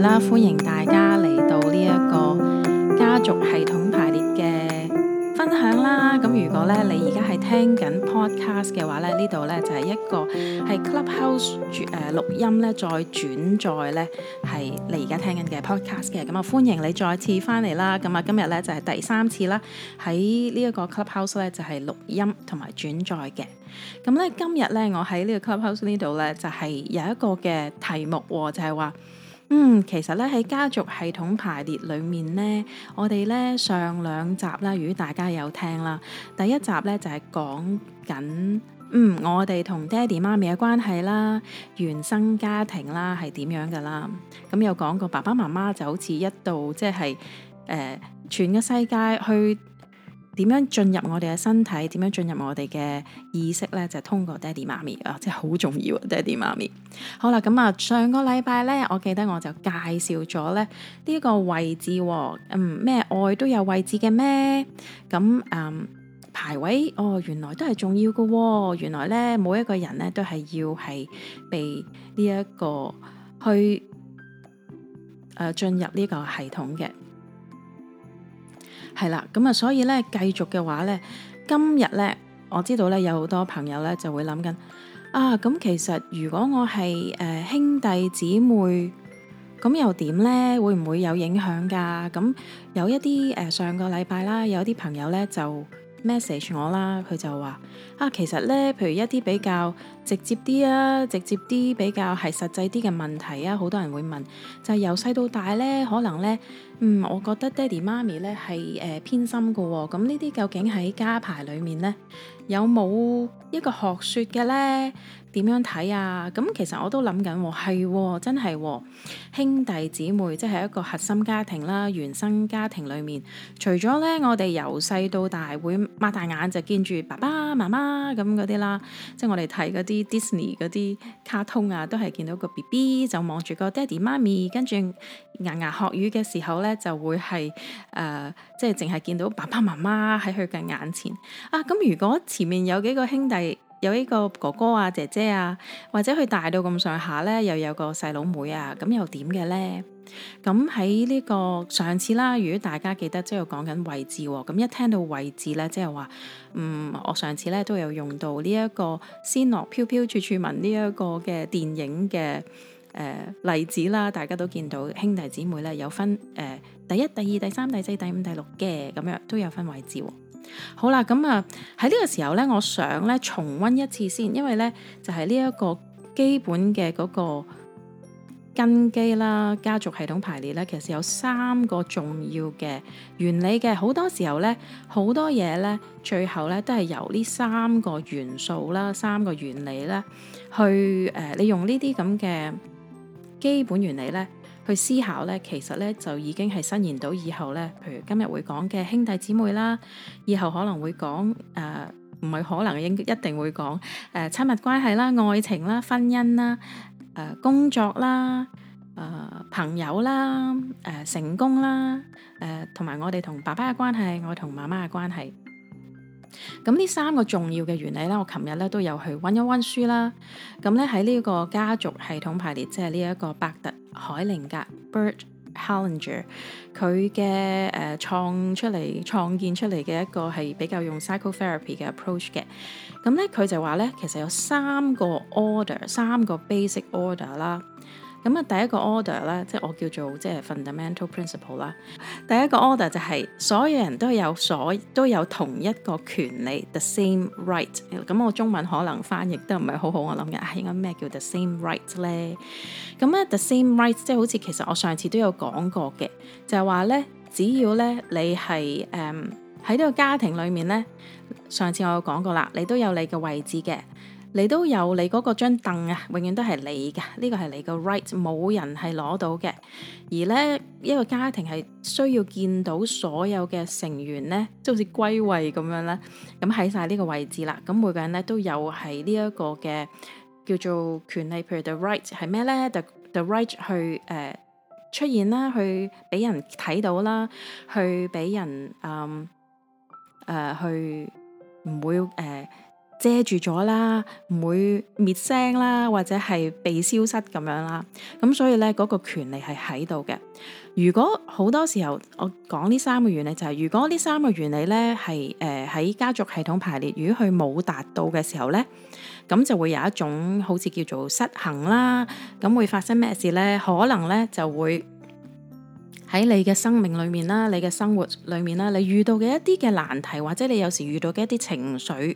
啦，歡迎大家嚟到呢一個家族系統排列嘅分享啦。咁如果咧，你而家係聽緊 podcast 嘅話咧，呢度咧就係、是、一個係 clubhouse 誒錄、呃、音咧，再轉載咧係你而家聽緊嘅 podcast 嘅。咁啊，歡迎你再次翻嚟啦。咁啊，今日咧就係、是、第三次啦，喺呢一個 clubhouse 咧就係、是、錄音同埋轉載嘅。咁咧今日咧，我喺呢個 clubhouse 呢度咧就係、是、有一個嘅題目喎、哦，就係、是、話。嗯，其實咧喺家族系統排列裏面呢，我哋呢上兩集啦，如果大家有聽啦，第一集呢就係講緊，嗯，我哋同爹地媽咪嘅關係啦，原生家庭啦係點樣㗎啦，咁有講過爸爸媽媽就好似一度，即係誒，全個世界去。點樣進入我哋嘅身體？點樣進入我哋嘅意識呢？就係、通過爹地媽咪啊，即係好重要啊！爹地媽咪，好啦，咁啊，上個禮拜呢，我記得我就介紹咗咧呢、呢個位置、哦，嗯，咩愛都有位置嘅咩？咁嗯排位哦，原來都係重要噶、哦，原來呢，每一個人呢，都係要係被呢、呢、一個去誒、呃、進入呢個系統嘅。係啦，咁啊，所以咧，繼續嘅話咧，今日咧，我知道咧，有好多朋友咧就會諗緊啊，咁、嗯、其實如果我係誒、呃、兄弟姊妹，咁又點咧？會唔會有影響噶？咁、嗯、有一啲誒、呃、上個禮拜啦，有啲朋友咧就 message 我啦，佢就話啊，其實咧，譬如一啲比較直接啲啊，直接啲比較係實際啲嘅問題啊，好多人會問，就係、是、由細到大咧，可能咧。嗯，我覺得爹哋媽咪咧係誒偏心噶喎、哦，咁呢啲究竟喺家排裏面咧有冇一個學說嘅咧？點樣睇啊？咁、嗯、其實我都諗緊係，真係、哦，兄弟姊妹即係一個核心家庭啦，原生家庭裏面，除咗咧我哋由細到大會擘大眼就見住爸爸媽媽咁啲啦，即係我哋睇啲 Disney 啲卡通啊，都係見到個 BB 就望住個爹哋媽咪，跟住牙牙學語嘅時候咧。就會係誒、呃，即係淨係見到爸爸媽媽喺佢嘅眼前啊！咁如果前面有幾個兄弟，有呢個哥哥啊、姐姐啊，或者佢大到咁上下呢，又有個細佬妹啊，咁又點嘅呢？咁喺呢個上次啦，如果大家記得，即係講緊位置喎。咁一聽到位置呢，即係話，嗯，我上次呢都有用到呢一個《仙樂飄飄處處聞》呢一個嘅電影嘅。誒、呃、例子啦，大家都見到兄弟姊妹呢有分誒、呃、第一、第二、第三、第四、第五、第六嘅咁樣都有分位置，哦。好啦，咁啊喺呢個時候呢，我想呢，重溫一次先，因為呢，就係呢一個基本嘅嗰個根基啦，家族系統排列呢，其實有三個重要嘅原理嘅。好多時候呢，好多嘢呢，最後呢，都係由呢三個元素啦、三個原理呢去誒、呃，你用呢啲咁嘅。基本原理咧，去思考咧，其實咧就已經係伸延到以後咧。譬如今日會講嘅兄弟姊妹啦，以後可能會講誒，唔係可能應一定會講誒親密關係啦、愛情啦、婚姻啦、誒工作啦、誒朋友啦、誒成功啦、誒同埋我哋同爸爸嘅關係，我同媽媽嘅關係。咁呢三個重要嘅原理咧，我琴日咧都有去溫一溫書啦。咁咧喺呢一個家族系統排列，即係呢一個伯特海靈格 （Bert h a l l i n g e r 佢嘅誒、呃、創出嚟、創建出嚟嘅一個係比較用 psychotherapy 嘅 approach 嘅。咁咧佢就話咧，其實有三個 order，三個 basic order 啦。咁啊，第一個 order 咧，即係我叫做即係 fundamental principle 啦。第一個 order 就係所有人都有所都有同一個權利，the same right。咁我中文可能翻譯得唔係好好，我諗嘅、哎，應該咩叫 the same right 咧？咁咧，the same right 即係好似其實我上次都有講過嘅，就係話咧，只要咧你係誒喺呢個家庭裡面咧，上次我有講過啦，你都有你嘅位置嘅。你都有你嗰個張凳啊，永遠都係你嘅，呢個係你個 right，冇人係攞到嘅。而呢一個家庭係需要見到所有嘅成員呢，即好似歸位咁樣呢。咁喺晒呢個位置啦，咁每個人呢都有係呢一個嘅叫做權利，譬如 the right 係咩呢？the the right 去誒、呃、出現啦，去俾人睇到啦，去俾人嗯、呃呃、去唔會誒。呃遮住咗啦，唔會滅聲啦，或者係被消失咁樣啦。咁所以咧，嗰個權利係喺度嘅。如果好多時候我講呢三個原理，就係如果呢三個原理咧係誒喺家族系統排列，如果佢冇達到嘅時候咧，咁就會有一種好似叫做失衡啦。咁會發生咩事咧？可能咧就會喺你嘅生命裏面啦，你嘅生活裏面啦，你遇到嘅一啲嘅難題，或者你有時遇到嘅一啲情緒。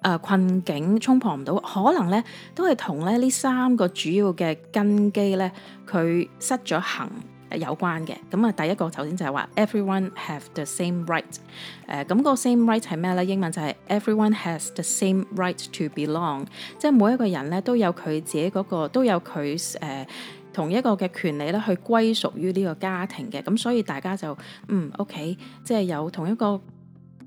誒、uh, 困境衝破唔到，可能呢都係同咧呢三個主要嘅根基呢，佢失咗衡有關嘅。咁、嗯、啊，第一個首先就係話，everyone have the same right、呃。誒、嗯，咁、那個 same right 係咩呢？英文就係 everyone has the same right to belong，即係每一個人呢都有佢自己嗰、那個都有佢誒、呃、同一個嘅權利咧去歸屬於呢個家庭嘅。咁、嗯、所以大家就嗯 OK，即係有同一個。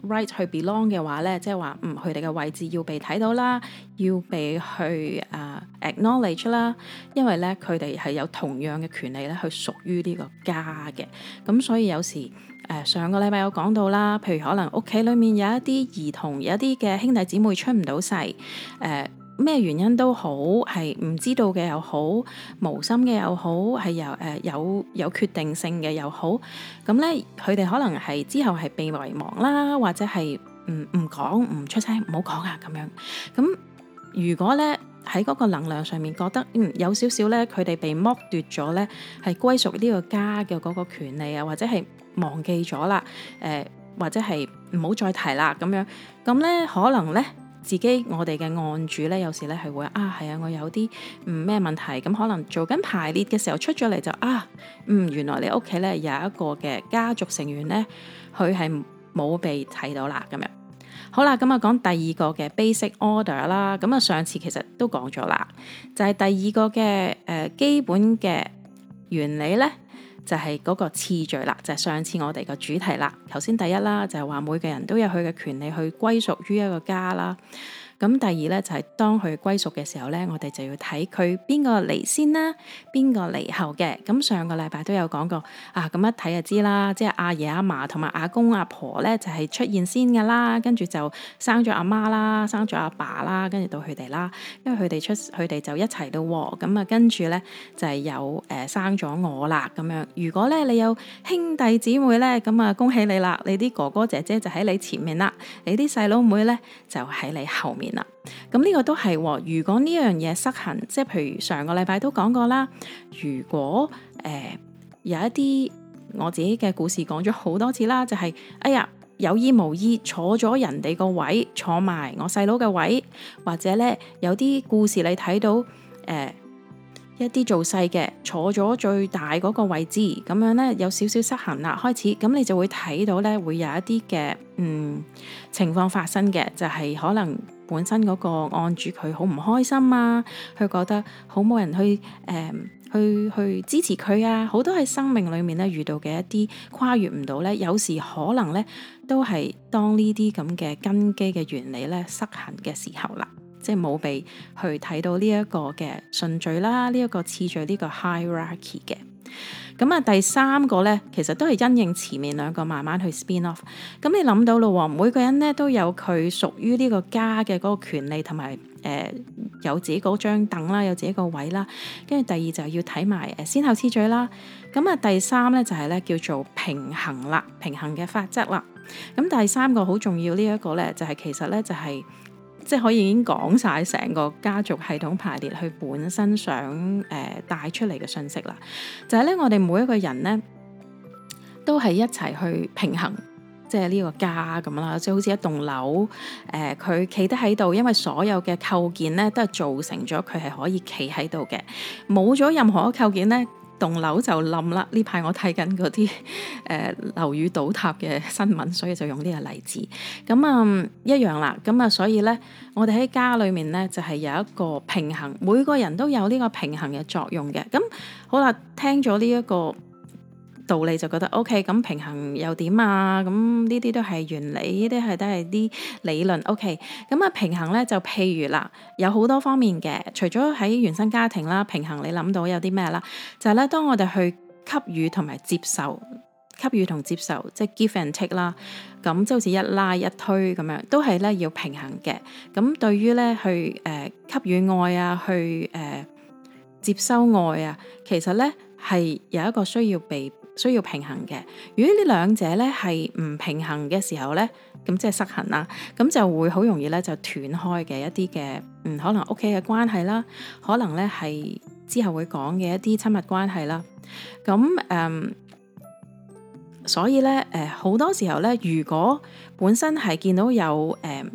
Right 去 belong 嘅話呢，即係話嗯，佢哋嘅位置要被睇到啦，要被去誒、uh, acknowledge 啦，因為呢，佢哋係有同樣嘅權利咧，去屬於呢個家嘅。咁所以有時誒、呃、上個禮拜有講到啦，譬如可能屋企裡面有一啲兒童，有一啲嘅兄弟姊妹出唔到世誒。呃咩原因都好，係唔知道嘅又好，無心嘅又好，係又誒有、呃、有、有決定性嘅又好，咁咧佢哋可能係之後係被遺忘啦，或者係唔唔講唔出聲，唔好講啊咁樣。咁、嗯、如果咧喺嗰個能量上面覺得，嗯有少少咧佢哋被剝奪咗咧，係歸屬呢個家嘅嗰個權利啊，或者係忘記咗啦，誒、呃、或者係唔好再提啦咁樣，咁咧可能咧。自己我哋嘅案主咧，有時咧係會啊，係啊，我有啲唔咩問題，咁可能做緊排列嘅時候出咗嚟就啊，嗯、呃呃呃，原來你屋企咧有一個嘅家族成員咧，佢係冇被睇到啦，咁樣。好啦，咁啊講第二個嘅 basic order 啦，咁啊上次其實都講咗啦，就係、是、第二個嘅誒、呃、基本嘅原理咧。就係嗰個次序啦，就係上次我哋個主題啦。頭先第一啦，就係話每個人都有佢嘅權利去歸屬於一個家啦。咁第二咧就係當佢歸屬嘅時候咧，我哋就要睇佢邊個嚟先啦，邊個嚟後嘅。咁上個禮拜都有講過啊，咁一睇就知啦。即係阿爺阿嫲同埋阿公阿婆咧，就係出現先噶啦，跟住就生咗阿媽啦，生咗阿爸啦，跟住到佢哋啦。因為佢哋出佢哋就一齊到喎。咁啊，跟住咧就係有誒生咗我啦咁樣。如果咧你有兄弟姊妹咧，咁啊恭喜你啦，你啲哥哥姐姐就喺你前面啦，你啲細佬妹咧就喺你後面。嗱，咁呢個都係，如果呢樣嘢失衡，即係譬如上個禮拜都講過啦。如果誒、呃、有一啲我自己嘅故事講咗好多次啦，就係、是、哎呀有意無意坐咗人哋個位，坐埋我細佬嘅位，或者呢，有啲故事你睇到誒、呃、一啲做細嘅坐咗最大嗰個位置，咁樣呢，有少少失衡啦，開始咁你就會睇到呢，會有一啲嘅嗯情況發生嘅，就係、是、可能。本身嗰個按住佢好唔開心啊，佢覺得好冇人去誒、呃、去去支持佢啊，好多喺生命裏面咧遇到嘅一啲跨越唔到咧，有時可能咧都係當呢啲咁嘅根基嘅原理咧失衡嘅時候啦，即係冇畀佢睇到呢一個嘅順序啦，呢、這、一個次序呢、這個 hierarchy 嘅。咁啊，第三個咧，其實都係因應前面兩個慢慢去 spin off。咁你諗到咯，每個人咧都有佢屬於呢個家嘅嗰個權利同埋誒，有自己嗰張凳啦，有自己個位啦。跟住第二就要睇埋誒先後次序啦。咁啊，第三咧就係咧叫做平衡啦，平衡嘅法則啦。咁第三個好重要呢一個咧，就係其實咧就係、是。即係可以已經講晒成個家族系統排列，佢本身想誒帶、呃、出嚟嘅信息啦。就係、是、咧，我哋每一個人咧，都係一齊去平衡，即係呢個家咁啦，即係好似一棟樓誒，佢企得喺度，因為所有嘅構件咧都係造成咗佢係可以企喺度嘅，冇咗任何嘅構件咧，棟樓就冧啦，呢排我睇緊嗰啲誒樓宇倒塌嘅新聞，所以就用呢個例子。咁啊、嗯、一樣啦，咁啊所以呢，我哋喺家裏面呢，就係、是、有一個平衡，每個人都有呢個平衡嘅作用嘅。咁好啦，聽咗呢一個。道理就覺得 OK，咁平衡又點啊？咁呢啲都係原理，呢啲係都係啲理論 OK。咁啊，平衡呢，就譬如啦，有好多方面嘅，除咗喺原生家庭啦，平衡你諗到有啲咩啦？就係咧，當我哋去給予同埋接受，給予同接受，即係 give and take 啦。咁即好似一拉一推咁樣，都係咧要平衡嘅。咁對於咧去誒給予愛啊，去誒接收愛啊，其實咧係有一個需要被，需要平衡嘅，如果呢兩者咧係唔平衡嘅時候咧，咁即係失衡啦，咁就會好容易咧就斷開嘅一啲嘅，嗯，可能屋企嘅關係啦，可能咧係之後會講嘅一啲親密關係啦，咁誒、嗯，所以咧誒好多時候咧，如果本身係見到有誒。嗯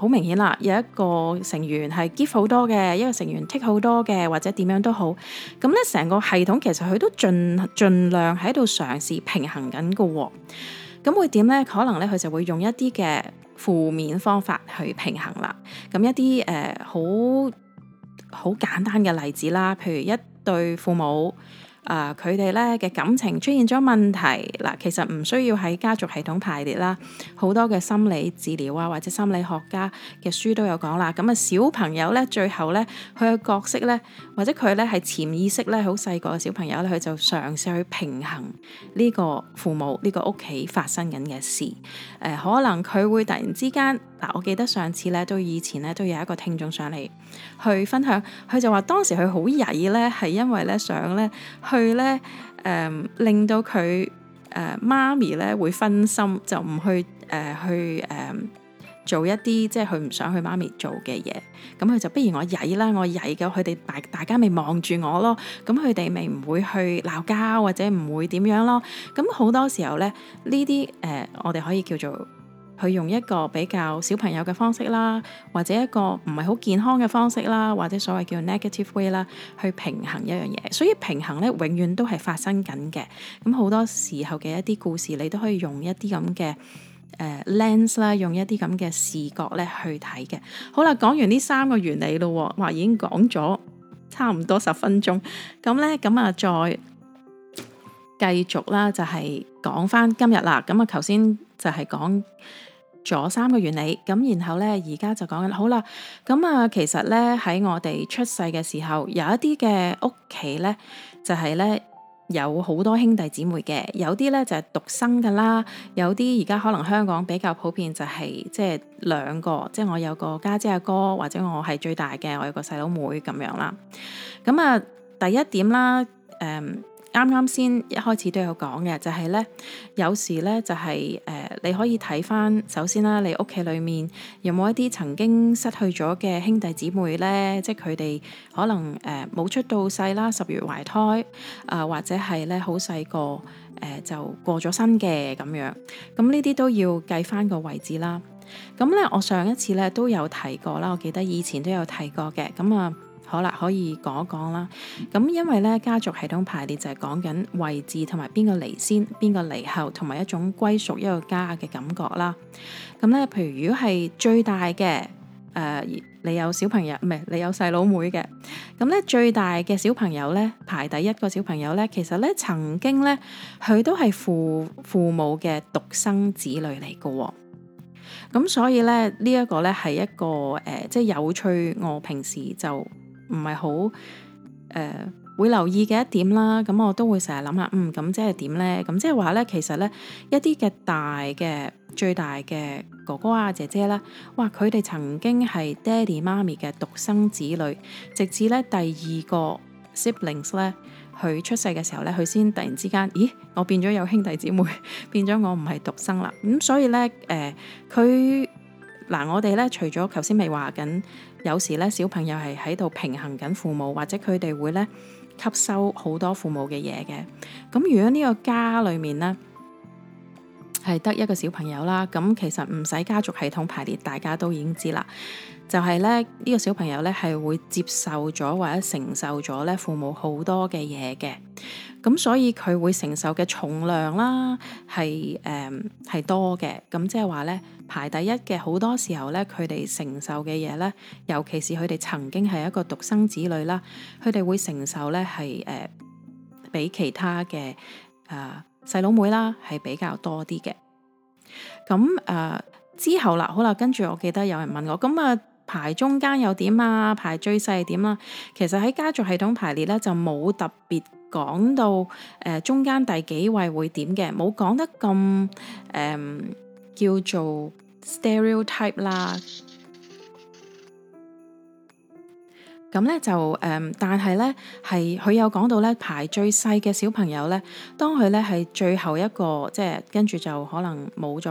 好明顯啦，有一個成員係 give 好多嘅，一個成員 take 好多嘅，或者點樣都好，咁咧，成個系統其實佢都盡盡量喺度嘗試平衡緊嘅喎，咁、嗯、會點咧？可能咧佢就會用一啲嘅負面方法去平衡啦。咁、嗯嗯、一啲誒好好簡單嘅例子啦，譬如一對父母。啊！佢哋咧嘅感情出現咗問題嗱，其實唔需要喺家族系統排列啦。好多嘅心理治療啊，或者心理學家嘅書都有講啦。咁啊，小朋友呢？最後呢，佢嘅角色呢，或者佢呢係潛意識呢，好細個嘅小朋友呢，佢就嘗試去平衡呢個父母呢個屋企發生緊嘅事。誒、呃，可能佢會突然之間。嗱、啊，我記得上次咧，都以前咧，都有一個聽眾上嚟去分享，佢就話當時佢好曳咧，係因為咧想咧去咧誒、呃、令到佢誒、呃、媽咪咧會分心，就唔去誒、呃、去誒、呃、做一啲即係佢唔想去媽咪做嘅嘢，咁、嗯、佢就不如我曳啦，我曳嘅，佢哋大大家咪望住我咯，咁佢哋咪唔會去鬧交或者唔會點樣咯，咁、嗯、好多時候咧呢啲誒、呃、我哋可以叫做。佢用一個比較小朋友嘅方式啦，或者一個唔係好健康嘅方式啦，或者所謂叫 negative way 啦，去平衡一樣嘢。所以平衡咧，永遠都係發生緊嘅。咁好多時候嘅一啲故事，你都可以用一啲咁嘅誒 lens 啦，呃、ens，用一啲咁嘅視角咧去睇嘅。好啦，講完呢三個原理咯，哇，已經講咗差唔多十分鐘。咁咧，咁啊，再繼續啦，就係講返今日啦。咁啊，頭先就係講咗三個原理，咁然後呢，而家就講緊好啦。咁、嗯、啊，其實呢，喺我哋出世嘅時候，有一啲嘅屋企呢，就係、是、呢，有好多兄弟姊妹嘅，有啲呢，就係、是、獨生噶啦，有啲而家可能香港比較普遍就係即係兩個，即、就、係、是、我有個家姐阿哥，或者我係最大嘅，我有個細佬妹咁樣啦。咁、嗯、啊，第一點啦，誒、嗯。啱啱先一開始都有講嘅，就係呢。有時呢，就係誒，你可以睇翻首先啦，你屋企裡面有冇一啲曾經失去咗嘅兄弟姊妹呢？即係佢哋可能誒冇出到世啦，十月懷胎啊，或者係呢，好細個誒就過咗身嘅咁樣。咁呢啲都要計翻個位置啦。咁呢，我上一次呢都有提過啦，我記得以前都有提過嘅。咁啊。好啦，可以講一講啦。咁因為咧家族系統排列就係講緊位置同埋邊個嚟先，邊個嚟後，同埋一種歸屬一個家嘅感覺啦。咁、嗯、咧，譬如如果係最大嘅，誒、呃、你有小朋友唔係、呃、你有細佬妹嘅，咁咧最大嘅小朋友咧、呃嗯、排第一個小朋友咧，其實咧曾經咧佢都係父父母嘅獨生子女嚟嘅、哦。咁、嗯、所以咧呢、這個、呢一個咧係一個誒，即係有趣。我平時就～唔係好誒會留意嘅一點啦，咁我都會成日諗下，嗯，咁即係點呢？咁即係話呢，其實呢，一啲嘅大嘅最大嘅哥哥啊姐姐啦，哇！佢哋曾經係爹哋媽咪嘅獨生子女，直至呢，第二個 siblings 呢，佢出世嘅時候呢，佢先突然之間，咦？我變咗有兄弟姊妹，變咗我唔係獨生啦。咁、嗯、所以呢，誒、呃、佢。嗱，我哋咧除咗頭先咪話緊，有時咧小朋友係喺度平衡緊父母，或者佢哋會咧吸收好多父母嘅嘢嘅。咁、嗯、如果呢個家裏面咧，係得一個小朋友啦，咁其實唔使家族系統排列，大家都已經知啦。就係咧呢個小朋友咧，係會接受咗或者承受咗咧父母好多嘅嘢嘅，咁所以佢會承受嘅重量啦係誒係多嘅。咁即係話咧排第一嘅好多時候咧，佢哋承受嘅嘢咧，尤其是佢哋曾經係一個獨生子女啦，佢哋會承受咧係誒畀其他嘅啊。呃細佬妹啦，係比較多啲嘅。咁誒、呃、之後啦，好啦，跟住我記得有人問我，咁啊排中間又點啊，排最細點啦。其實喺家族系統排列咧，就冇特別講到誒、呃、中間第幾位會點嘅，冇講得咁誒、呃、叫做 stereotype 啦。咁咧就誒、嗯，但係咧係佢有講到咧，排最細嘅小朋友咧，當佢咧係最後一個，即係跟住就可能冇再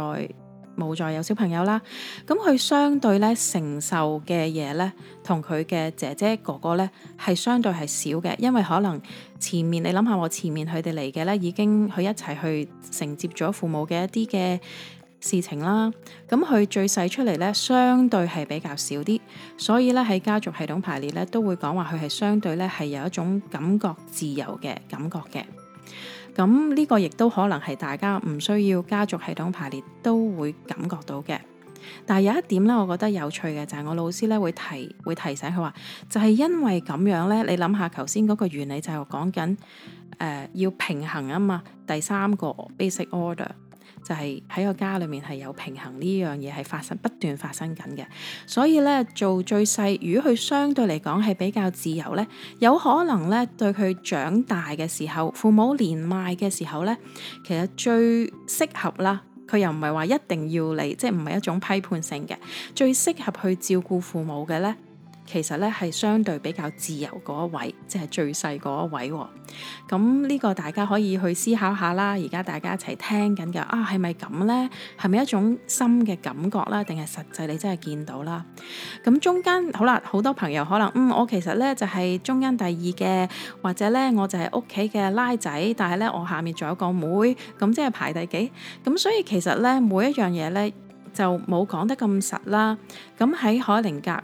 冇再有小朋友啦。咁佢相對咧承受嘅嘢，咧同佢嘅姐姐哥哥咧係相對係少嘅，因為可能前面你諗下我前面佢哋嚟嘅咧，已經佢一齊去承接咗父母嘅一啲嘅。事情啦，咁佢最細出嚟呢，相對係比較少啲，所以呢，喺家族系統排列呢，都會講話佢係相對呢，係有一種感覺自由嘅感覺嘅。咁呢個亦都可能係大家唔需要家族系統排列都會感覺到嘅。但係有一點呢，我覺得有趣嘅就係我老師呢會提會提醒佢話，就係因為咁樣呢，你諗下頭先嗰個原理就係講緊誒要平衡啊嘛，第三個 basic order。就係喺個家裏面係有平衡呢樣嘢係發生，不斷發生緊嘅，所以呢，做最細，如果佢相對嚟講係比較自由呢，有可能呢，對佢長大嘅時候，父母年邁嘅時候呢，其實最適合啦。佢又唔係話一定要你，即係唔係一種批判性嘅，最適合去照顧父母嘅呢。其實咧係相對比較自由嗰一位，即係最細嗰一位。咁呢個大家可以去思考下啦。而家大家一齊聽緊嘅啊，係咪咁呢？係咪一種新嘅感覺咧，定係實際你真係見到啦？咁中間好啦，好多朋友可能嗯，我其實呢就係中間第二嘅，或者呢我就係屋企嘅拉仔，但係呢我下面仲有個妹，咁即係排第幾？咁所以其實呢，每一樣嘢呢就冇講得咁實啦。咁喺海寧格。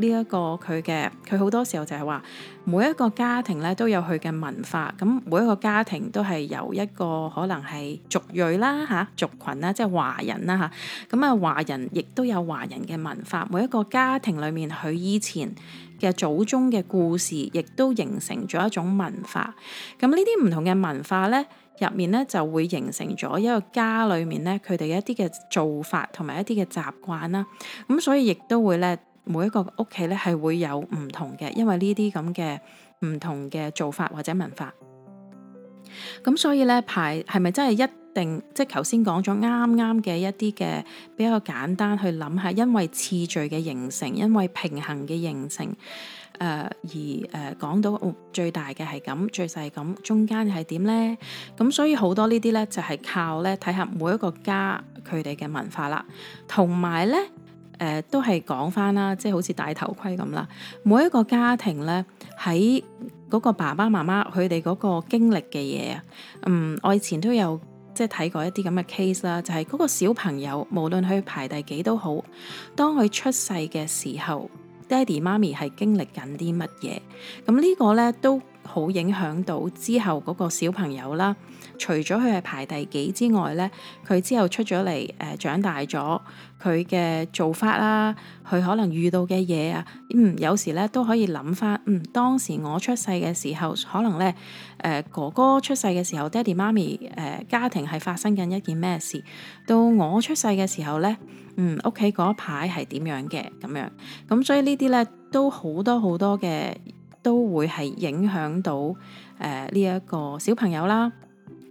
呢一、這個佢嘅佢好多時候就係話，每一個家庭咧都有佢嘅文化。咁每一個家庭都係由一個可能係族裔啦、嚇、啊、族群啦，即係華人啦、嚇咁啊華、啊、人亦都有華人嘅文化。每一個家庭裡面佢以前嘅祖宗嘅故事，亦都形成咗一種文化。咁呢啲唔同嘅文化呢，入面呢就會形成咗一個家裏面呢，佢哋一啲嘅做法同埋一啲嘅習慣啦。咁、啊啊、所以亦都會呢。每一個屋企咧係會有唔同嘅，因為呢啲咁嘅唔同嘅做法或者文化，咁所以咧排係咪真係一定即係頭先講咗啱啱嘅一啲嘅比較簡單去諗下，因為次序嘅形成，因為平衡嘅形成，誒、呃、而誒、呃、講到最大嘅係咁，最細咁，中間係點咧？咁所以好多呢啲咧就係、是、靠咧睇下每一個家佢哋嘅文化啦，同埋咧。誒、呃、都係講翻啦，即係好似戴頭盔咁啦。每一個家庭呢，喺嗰個爸爸媽媽佢哋嗰個經歷嘅嘢啊，嗯，我以前都有即係睇過一啲咁嘅 case 啦，就係嗰個小朋友無論佢排第幾都好，當佢出世嘅時候，爹哋媽咪係經歷緊啲乜嘢，咁、嗯、呢、呢個呢都。好影響到之後嗰個小朋友啦。除咗佢係排第幾之外呢，佢之後出咗嚟誒，長大咗佢嘅做法啦，佢可能遇到嘅嘢啊，嗯、呃，有時呢都可以諗翻，嗯，當時我出世嘅時候，可能呢，誒、呃、哥哥出世嘅時候，爹哋媽咪誒、呃、家庭係發生緊一件咩事？到我出世嘅時候呢，嗯，屋企嗰一排係點樣嘅咁樣？咁所以呢啲呢都好多好多嘅。都會係影響到誒呢一個小朋友啦，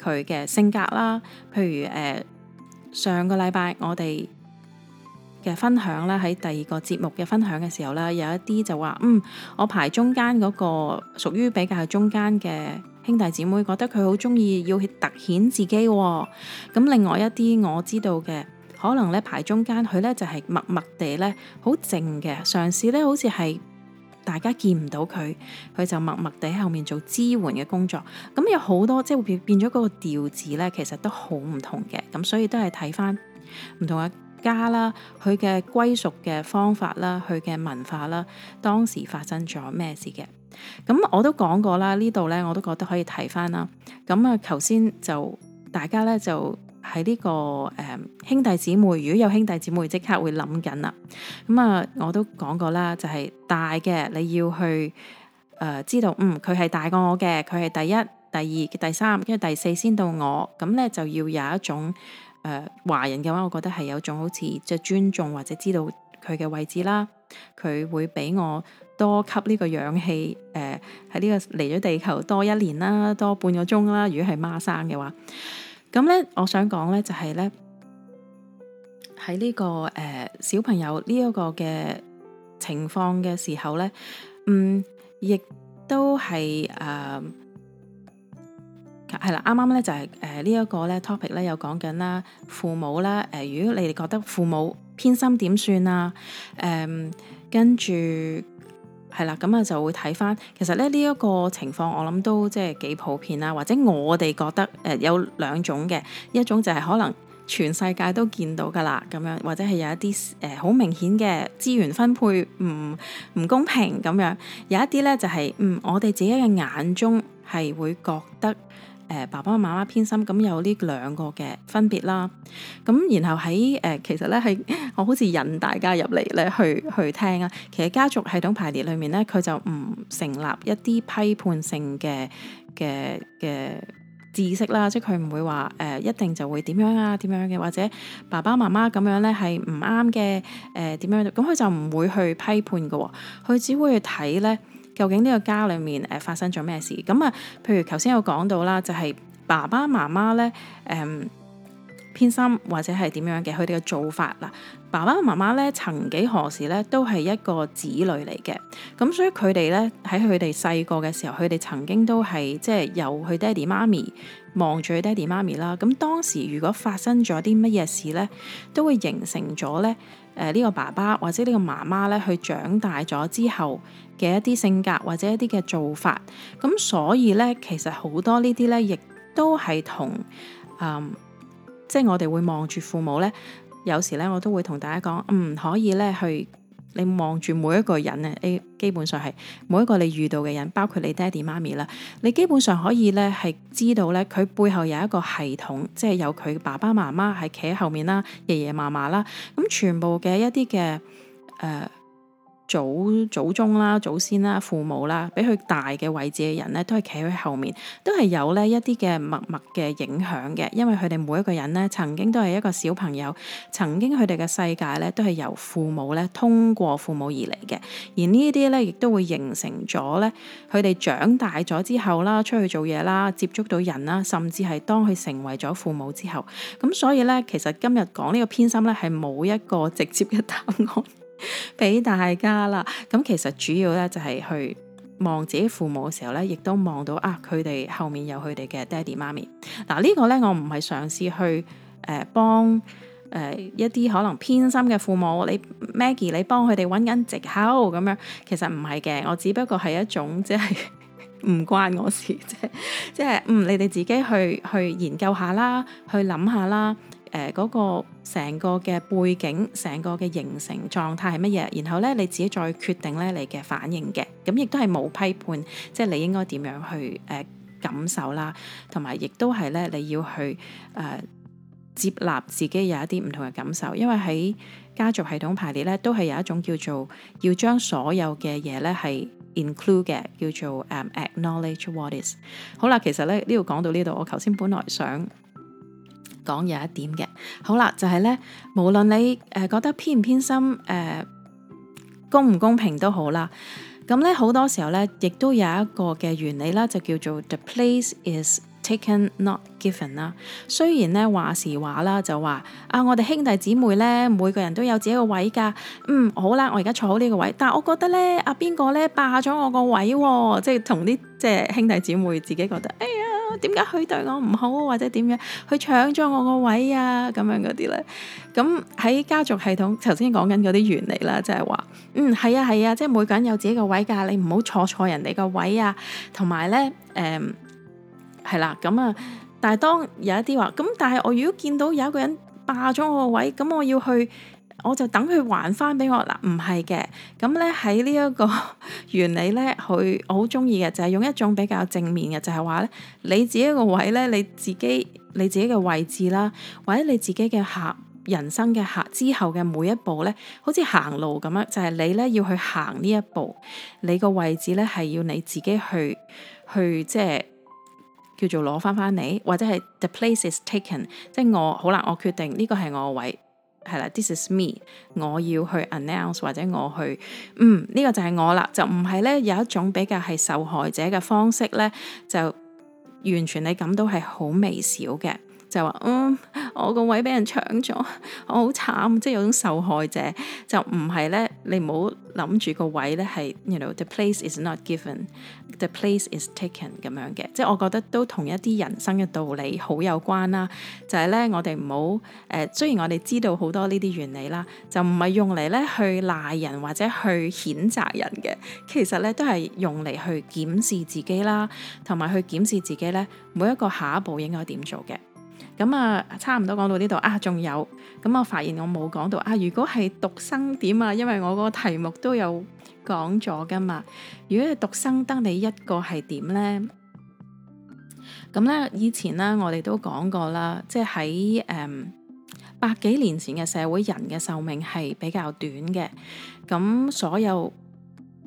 佢嘅性格啦，譬如誒、呃、上個禮拜我哋嘅分享啦，喺第二個節目嘅分享嘅時候啦，有一啲就話嗯，我排中間嗰個屬於比較中間嘅兄弟姊妹，覺得佢好中意要凸顯自己喎、哦。咁另外一啲我知道嘅，可能咧排中間佢咧就係、是、默默地咧好靜嘅，嘗試咧好似係。大家見唔到佢，佢就默默地喺後面做支援嘅工作。咁有好多即係變變咗嗰個調子呢，其實都好唔同嘅。咁所以都係睇翻唔同嘅家啦，佢嘅歸屬嘅方法啦，佢嘅文化啦，當時發生咗咩事嘅。咁我都講過啦，呢度呢我都覺得可以睇翻啦。咁啊，頭先就大家呢就。喺呢、這個誒、嗯、兄弟姊妹，如果有兄弟姊妹，即刻會諗緊啦。咁、嗯、啊，我都講過啦，就係、是、大嘅你要去誒、呃、知道，嗯，佢係大過我嘅，佢係第一、第二、第三，跟住第四先到我。咁、嗯、呢就要有一種誒、呃、華人嘅話，我覺得係有一種好似即尊重或者知道佢嘅位置啦。佢會俾我多吸呢個氧氣誒，喺、呃、呢、這個嚟咗地球多一年啦，多半個鐘啦。如果係孖生嘅話。咁咧，我想講咧就係咧，喺呢個誒小朋友呢一個嘅情況嘅時候咧，嗯，亦都係誒係啦，啱啱咧就係誒呢一個咧 topic 咧有講緊啦，父母啦誒，如果你哋覺得父母偏心點算啊？誒，跟住。係啦，咁啊、嗯、就會睇翻。其實咧呢一個情況，我諗都即係幾普遍啦。或者我哋覺得誒有兩種嘅，一種就係可能全世界都見到噶啦咁樣，或者係有一啲誒好明顯嘅資源分配唔唔、嗯、公平咁樣。有一啲咧就係、是、嗯，我哋自己嘅眼中係會覺得。誒、嗯、爸爸媽媽偏心咁有呢兩個嘅分別啦，咁然後喺誒、呃、其實呢，係我好似引大家入嚟咧去去，去聽啊，其實家族系統排列裏面呢，佢就唔成立一啲批判性嘅嘅嘅知識啦，即係佢唔會話誒、呃、一定就會點樣啊點樣嘅、啊，或者爸爸媽媽咁樣呢係唔啱嘅誒點樣、啊，咁佢就唔會去批判㗎喎，佢只會去睇呢。究竟呢個家裏面誒發生咗咩事？咁啊，譬如頭先有講到啦，就係爸爸媽媽咧誒偏心或者係點樣嘅，佢哋嘅做法啦。爸爸媽媽咧，曾幾何時咧，都係一個子女嚟嘅。咁所以佢哋咧，喺佢哋細個嘅時候，佢哋曾經都係即係有佢爹哋媽咪。望住爹地媽咪啦，咁當時如果發生咗啲乜嘢事呢，都會形成咗呢，誒呢個爸爸或者呢個媽媽呢去長大咗之後嘅一啲性格或者一啲嘅做法，咁所以呢，其實好多呢啲呢亦都係同，嗯，即係我哋會望住父母呢，有時呢我都會同大家講，嗯，可以呢去。你望住每一個人咧，誒基本上係每一個你遇到嘅人，包括你爹哋媽咪啦，你基本上可以呢係知道呢，佢背後有一個系統，即係有佢爸爸媽媽係企喺後面啦，爺爺嫲嫲啦，咁全部嘅一啲嘅誒。呃祖祖宗啦、祖先啦、父母啦，比佢大嘅位置嘅人呢，都係企喺佢後面，都係有呢一啲嘅默默嘅影響嘅，因為佢哋每一個人呢，曾經都係一個小朋友，曾經佢哋嘅世界呢，都係由父母呢通過父母而嚟嘅，而呢啲呢，亦都會形成咗呢，佢哋長大咗之後啦，出去做嘢啦，接觸到人啦，甚至係當佢成為咗父母之後，咁所以呢，其實今日講呢個偏心呢，係冇一個直接嘅答案。俾大家啦，咁其實主要呢，就係去望自己父母嘅時候呢，亦都望到啊，佢哋後面有佢哋嘅爹哋媽咪。嗱，呢個呢，我唔係嘗試去誒幫誒一啲可能偏心嘅父母，你 Maggie 你幫佢哋揾緊藉口咁樣，其實唔係嘅，我只不過係一種即係唔關我事，即係即係嗯，你哋自己去去研究下啦，去諗下啦。誒嗰、呃、個成個嘅背景、成個嘅形成狀態係乜嘢？然後咧你自己再決定咧你嘅反應嘅，咁亦都係冇批判，即係你應該點樣去誒感受啦，同埋亦都係咧你要去誒、呃、接納自己有一啲唔同嘅感受，因為喺家族系統排列咧都係有一種叫做要將所有嘅嘢咧係 include 嘅，叫做誒 acknowledge what is。好啦，其實咧呢度講到呢度，我頭先本來想，講有一點嘅，好啦，就係、是、咧，無論你誒、呃、覺得偏唔偏心，誒、呃、公唔公平都好啦。咁咧好多時候咧，亦都有一個嘅原理啦，就叫做 The place is taken not given 啦。雖然咧話時話啦，就話啊，我哋兄弟姊妹咧，每個人都有自己個位噶。嗯，好啦，我而家坐好呢個位，但係我覺得咧，阿、啊、邊個咧霸咗我個位、哦，即係同啲即係兄弟姊妹自己覺得，哎呀。點解佢對我唔好或者點樣？佢搶咗我個位啊，咁樣嗰啲咧。咁喺家族系統，頭先講緊嗰啲原理啦，即係話，嗯，係啊係啊，啊，即係每個人有自己個位噶、啊，你唔好坐錯人哋個位啊。同埋咧，誒、嗯，係啦，咁啊。但係當有一啲話，咁但係我如果見到有一個人霸咗我個位，咁我要去。我就等佢還翻俾我啦，唔係嘅咁呢喺呢一個原理呢，佢我好中意嘅就係用一種比較正面嘅，就係話呢你自己個位呢，你自己你自己嘅位置啦，或者你自己嘅下人生嘅下之後嘅每一步呢，好似行路咁樣，就係你呢要去行呢一步，你個位置呢係要你自己去去即係叫做攞翻翻嚟，或者係 the place is taken，即係我好啦，我決定呢個係我個位。係啦、yeah，This is me，我要去 announce 或者我去，嗯，呢個就係我啦，就唔係咧有一種比較係受害者嘅方式咧，就完全你感到係好微小嘅。就話嗯，我個位俾人搶咗，我好慘，即係有種受害者就唔係咧。你唔好諗住個位係：you know the place is not given，the place is taken 咁樣嘅。即係我覺得都同一啲人生嘅道理好有關啦。就係呢，我哋唔好誒，雖然我哋知道好多呢啲原理啦，就唔係用嚟咧去賴人或者去譴責人嘅。其實呢，都係用嚟去檢視自己啦，同埋去檢視自己呢，每一個下一步應該點做嘅。咁啊，差唔多講到呢度啊，仲有，咁我發現我冇講到啊，如果係獨生點啊，因為我個題目都有講咗噶嘛，如果係獨生得你一個係點呢？咁咧，以前咧，我哋都講過啦，即係喺誒百幾年前嘅社會，人嘅壽命係比較短嘅，咁所有。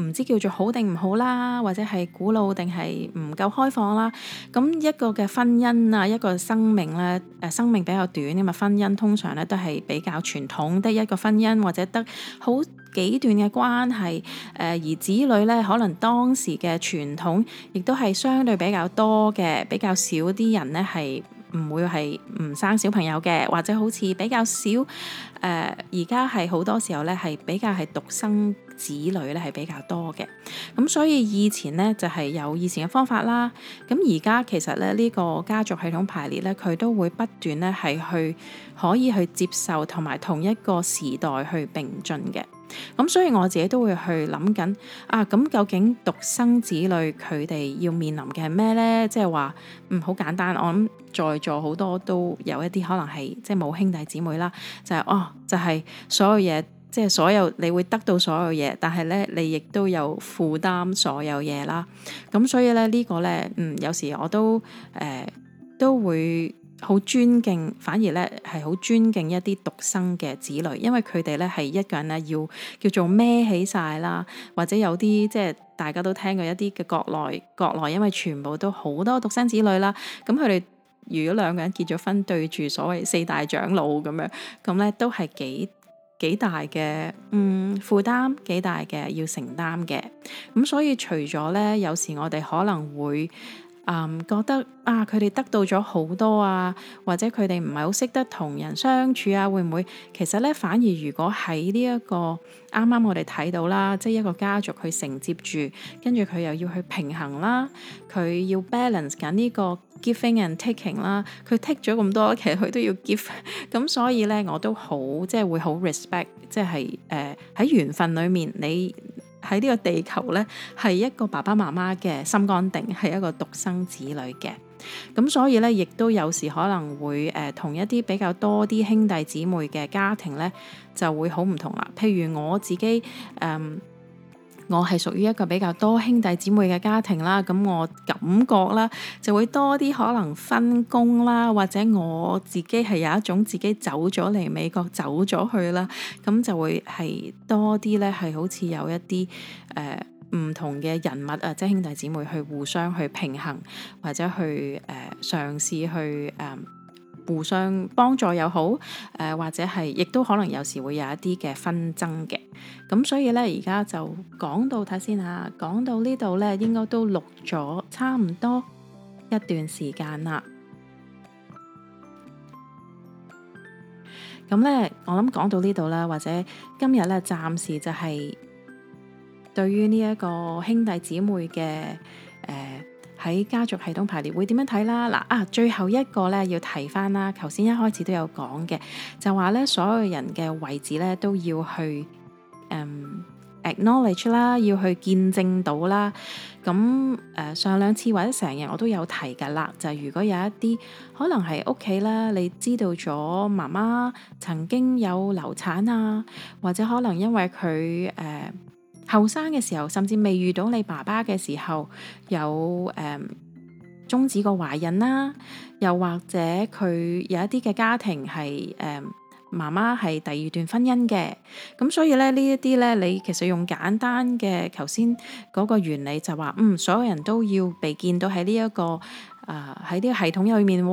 唔知叫做好定唔好啦，或者係古老定係唔夠開放啦。咁一個嘅婚姻啊，一個生命咧，誒、呃、生命比較短噶嘛。因為婚姻通常咧都係比較傳統的一個婚姻，或者得好幾段嘅關係。誒、呃，而子女咧，可能當時嘅傳統亦都係相對比較多嘅，比較少啲人咧，係。唔會係唔生小朋友嘅，或者好似比較少誒，而家係好多時候呢，係比較係獨生子女呢，係比較多嘅，咁所以以前呢，就係、是、有以前嘅方法啦，咁而家其實咧呢、呢個家族系統排列呢，佢都會不斷呢，係去可以去接受同埋同一個時代去並進嘅。咁所以我自己都會去諗緊啊，咁究竟獨生子女佢哋要面臨嘅係咩呢？即係話嗯，好簡單，我諗在座好多都有一啲可能係即係冇兄弟姊妹啦，就係哦，就係所有嘢，即係所有你會得到所有嘢，但係呢，你亦都有負擔所有嘢啦。咁所以咧呢個呢，嗯，有時我都誒都會。好尊敬，反而咧係好尊敬一啲獨生嘅子女，因為佢哋咧係一個人咧要叫做孭起晒啦，或者有啲即係大家都聽過一啲嘅國內國內，因為全部都好多獨生子女啦。咁佢哋如果兩個人結咗婚，對住所謂四大長老咁樣，咁咧都係幾幾大嘅嗯負擔，幾大嘅要承擔嘅。咁所以除咗咧，有時我哋可能會。嗯，um, 覺得啊，佢哋得到咗好多啊，或者佢哋唔係好識得同人相處啊，會唔會其實呢，反而如果喺呢一個啱啱我哋睇到啦，即係一個家族去承接住，跟住佢又要去平衡啦，佢要 balance 緊呢個 giving and taking 啦，佢 take 咗咁多，其實佢都要 give，咁 所以呢，我都好即係會好 respect，即係誒喺緣分裡面你。喺呢個地球呢，係一個爸爸媽媽嘅心肝定，係一個獨生子女嘅，咁所以呢，亦都有時可能會誒同、呃、一啲比較多啲兄弟姊妹嘅家庭呢，就會好唔同啦。譬如我自己誒。呃我係屬於一個比較多兄弟姊妹嘅家庭啦，咁我感覺啦，就會多啲可能分工啦，或者我自己係有一種自己走咗嚟美國走咗去啦，咁就會係多啲呢，係好似有一啲誒唔同嘅人物啊，即係兄弟姊妹去互相去平衡，或者去誒、呃、嘗試去誒。呃互相幫助又好，誒、呃、或者係，亦都可能有時會有一啲嘅紛爭嘅，咁所以呢，而家就講到睇先吓、啊，講到呢度呢，應該都錄咗差唔多一段時間啦。咁呢，我諗講到呢度啦，或者今日呢，暫時就係對於呢一個兄弟姊妹嘅。喺家族系統排列會點樣睇啦？嗱啊，最後一個呢要提翻啦。頭先一開始都有講嘅，就話呢所有人嘅位置呢都要去誒、嗯、acknowledge 啦，要去見證到啦。咁誒、呃、上兩次或者成日我都有提噶啦，就係、如果有一啲可能係屋企啦，你知道咗媽媽曾經有流產啊，或者可能因為佢誒、呃後生嘅時候，甚至未遇到你爸爸嘅時候，有誒嗯、終止過懷孕啦，又或者佢有一啲嘅家庭係誒媽媽係第二段婚姻嘅，咁所以咧呢一啲咧，你其實用簡單嘅頭先嗰個原理就話，嗯，所有人都要被見到喺呢一個。啊！喺啲、呃、系統裏面，誒、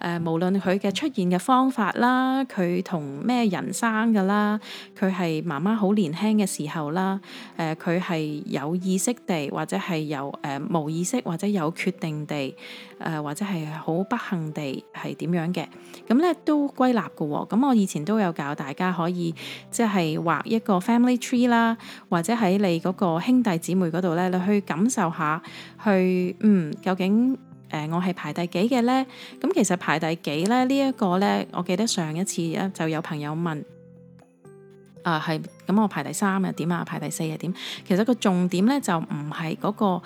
呃，無論佢嘅出現嘅方法啦，佢同咩人生㗎啦，佢係媽媽好年輕嘅時候啦，誒、呃，佢係有意識地，或者係有誒無意識，或者有決定地，誒、呃，或者係好不幸地係點樣嘅咁呢都歸納㗎。咁、呃、我以前都有教大家可以即係畫一個 family tree 啦，或者喺你嗰個兄弟姊妹嗰度呢，你去感受下去，嗯，究竟？誒、呃，我係排第幾嘅呢？咁其實排第幾咧？呢、這、一個呢，我記得上一次啊，就有朋友問，啊係，咁我排第三又點啊，排第四又點？其實個重點呢，就唔係嗰個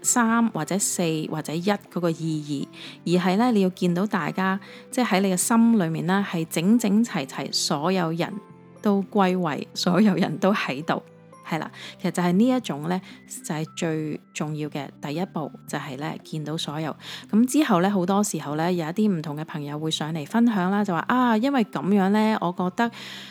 三或者四或者一嗰個意義，而係呢，你要見到大家，即係喺你嘅心裏面啦，係整整齊齊，所有人都歸位，所有人都喺度。係啦，其實就係呢一種呢，就係、是、最重要嘅第一步，就係、是、呢，見到所有。咁之後呢，好多時候呢，有一啲唔同嘅朋友會上嚟分享啦，就話啊，因為咁樣呢，我覺得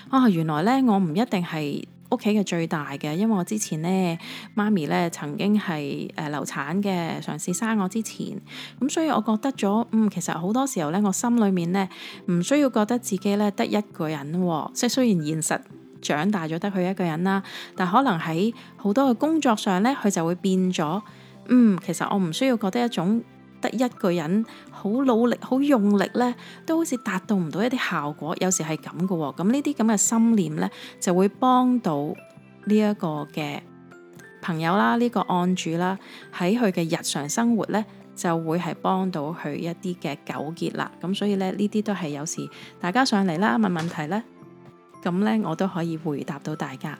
啊，原來呢，我唔一定係屋企嘅最大嘅，因為我之前呢，媽咪呢曾經係誒、呃、流產嘅，嘗試生我之前，咁所以我覺得咗，嗯，其實好多時候呢，我心裏面呢，唔需要覺得自己呢得一個人，哦，即係雖然現實。長大咗得佢一個人啦，但可能喺好多嘅工作上呢，佢就會變咗。嗯，其實我唔需要覺得一種得一個人好努力、好用力呢，都好似達到唔到一啲效果。有時係咁嘅喎，咁呢啲咁嘅心念呢，就會幫到呢一個嘅朋友啦，呢個案主啦，喺佢嘅日常生活呢，就會係幫到佢一啲嘅糾結啦。咁所以呢，呢啲都係有時大家上嚟啦，問問題呢。咁呢，我都可以回答到大家。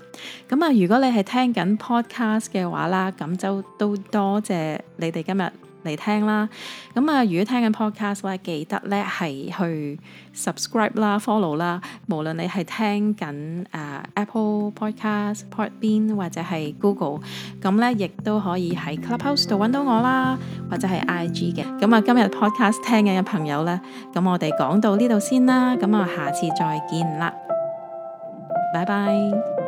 咁啊，如果你係聽緊 podcast 嘅話啦，咁就都多謝你哋今日嚟聽啦。咁啊，如果聽緊 podcast 咧，記得呢係去 subscribe 啦、follow 啦。無論你係聽緊啊 Apple podcast、Podbean 或者係 Google，咁呢亦都可以喺 Clubhouse 度揾到我啦，或者係 IG 嘅。咁啊，今日 podcast 聽緊嘅朋友呢，咁我哋講到呢度先啦。咁啊，下次再見啦。拜拜。